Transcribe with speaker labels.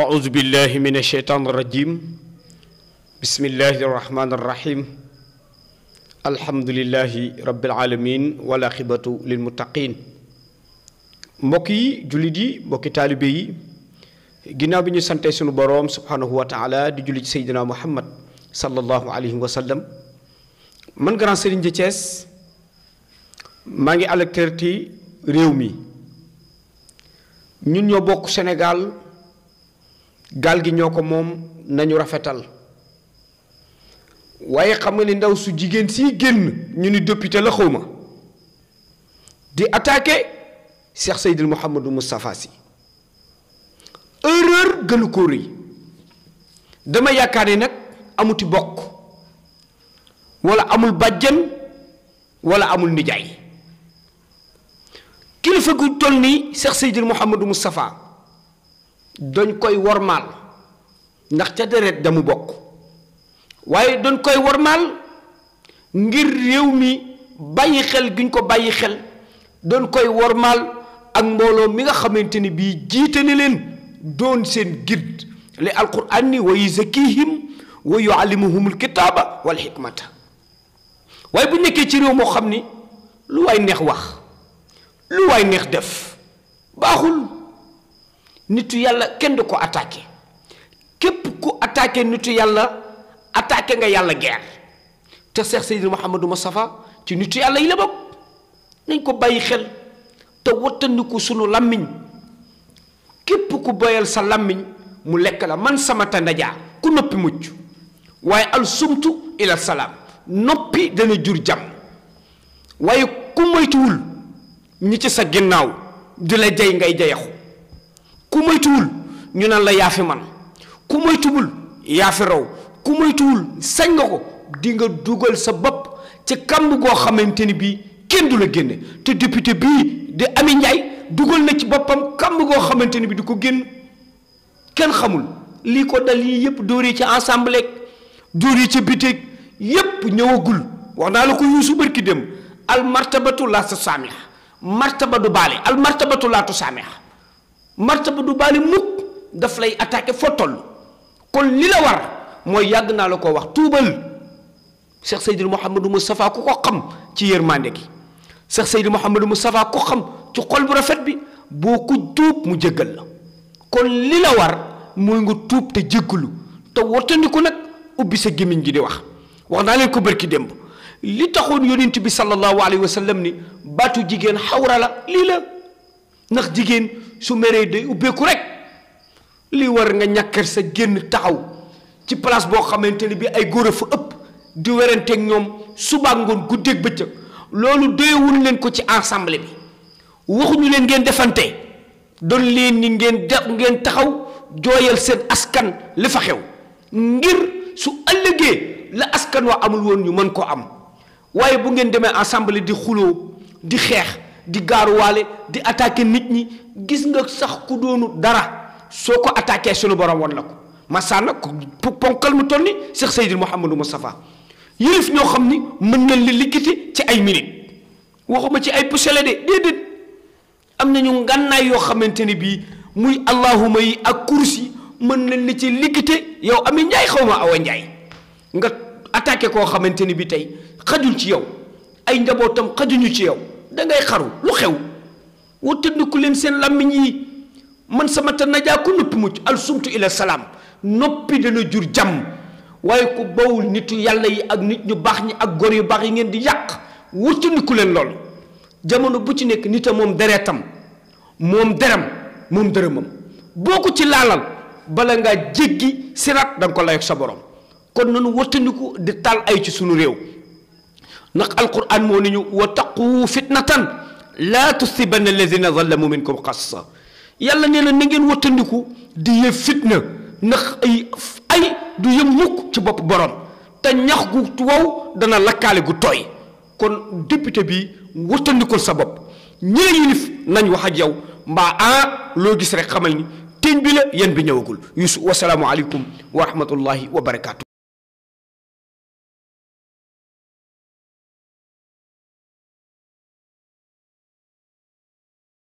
Speaker 1: أعوذ بالله من الشيطان الرجيم بسم الله الرحمن الرحيم الحمد لله رب العالمين ولا خيبة للمتقين موكي جوليدي موكي طالبي غينا بي ني سانتي سونو بروم سبحانه وتعالى دي جولي سيدنا محمد صلى الله عليه وسلم من غران سيرين جيتيس ماغي الكترتي ريومي ñun ñoo bokk sénégal gaal gi ñoo ko moom nañu rafetal waaye xam nga ni ndaw su jigéen siy génn ñu ni député la xaw ma di attaqué Cheikh Seydil Mouhamadou Moustapha Sy erreur gënu ko rëy dama yaakaar ni nag amuti bokk wala amul bàjjen wala amul nijaay kilifa gu toll nii Cheikh Seydil Mouhamadou Moustapha dañ koy wormal ndax ca deret damu bok waye dañ koy wormal ngir rew mi bàyyi xel giñ ko bàyyi xel dañ koy wormal ak mbolo mi nga xamanteni bi jité ne len doon sen guide li alquran ni wa yuzakihim wa yuallimuhum alkitaba wal hikmata waye bu nekké ci rew mo xamni lu way neex wax lu way neex def baxul nitu yàlla kenn du ko attaqué képp ku attaqué nitu yàlla attaqué nga yàlla guerre te Cheikh Seydina Mouhamadou safa ci nitu yàlla yi la bokk nañ ko bàyyi xel te wattandiku sunu làmmiñ képp ku bayal sa làmmiñ mu lekk la man sama tandajaa ku noppi mucc waaye al sumtu ila salaam noppi dana jur jàmm waaye ku moytuwul ñi ci sa ginnaaw di la jay ngay jayaxu ku moytuwul ñu nan la yaa man ku moytuwul yaa fi raw ku moytuwul sañ nga ko di nga dugal sa bop ci kamb go xamanteni bi kenn du la génne te député bi di ami ñay dugal na ci boppam kamb go xamanteni bi di ko génn kenn xamul li ko dal yi yépp dóoree ci ensemble ak ci biteeg yépp ñëwagul wax naa la ko yuusu barki dem al martabatu la sa martaba du baale al martabatu la tu martaba du baali mukk daf lay attaqué foo toll kon li la war mooy yàgg naa la ko wax tuubal Cheikh Seydil Mouhamadou Moustapha ku ko xam ci yërmande gi Cheikh Seydil Mouhamadou Moustapha ku ko xam ci xol bu rafet bi boo ko tuub mu jéggal la kon li la war mooy nga tuub te jéggalu te wattandiku nag ubbi sa gémmiñ gi di wax wax naa leen ko bërki démb li taxoon yonent bi sallallahu alayhi wa sallam ni baatu jigéen xawra la li la ndax jigéen su meree day ubbeeku rek li war nga ñàkkar sa génn taxaw ci place boo xamante ne bi ay góor a fa ëpp di weranteeg ñoom subaa ngoon guddeeg bëccëg loolu doyewuñ leen ko ci ensemble bi waxuñu leen ngeen defante doon leen ni ngeen def ngeen taxaw jooyal seen askan li fa xew ngir su ëllëgee la askan wa amul woon ñu mën koo am waaye bu ngeen demee ensemble di xuloo di xeex di gaaruwaale di attaquer nit ñi gis nga sax ku doonu dara soo ko attaquer sunu borom woon la ko masa nag ponkal mu toll ni Cheikh Seydil Mouhamadou Moustapha yëlif ñoo xam ni mën na li liggéey ci ay minute waxuma ci ay pucele de déedéet am nañu ngànnaay yoo xamante ni bii muy allahuma yi ak kursi mën nañ li ci liggéey yow ami njaay xaw ma awa njaay nga attaqué koo xamante ni bi tey xajul ci yow ay njabootam xajuñu ci yow da ngay xaru lu xew wattandiku leen seen làmmiñ yi man sama ta najaa ku noppi mucc al sumtu ila salaam noppi dana jur jàmm waaye ko bawul nitu yàlla yi ak nit ñu baax ñi ak góor yu baax yi ngeen di yàq wattandiku leen lool jamono bu ci nekk nit a moom deretam moom deram moom dërëmam boo ko ci laalal bala ngaa jéggi siraat da nga ko layoog sa borom kon nanu wattandiku di taal ay ci sunu réew نق القران مو نيو وتقوا فتنه لا تصيبن الذين ظلموا منكم قصة يلا نيلا نين وتنديكو دي فتنه نخ اي اي دو يموك تي بوب بروم تا نياخغو تواو دا نا لاكالي توي كون ديبيتي بي وتنديكو سا بوب ني نان واخا ياو با ا لو غيس رك خمالني تين بي لا عليكم ورحمه الله وبركاته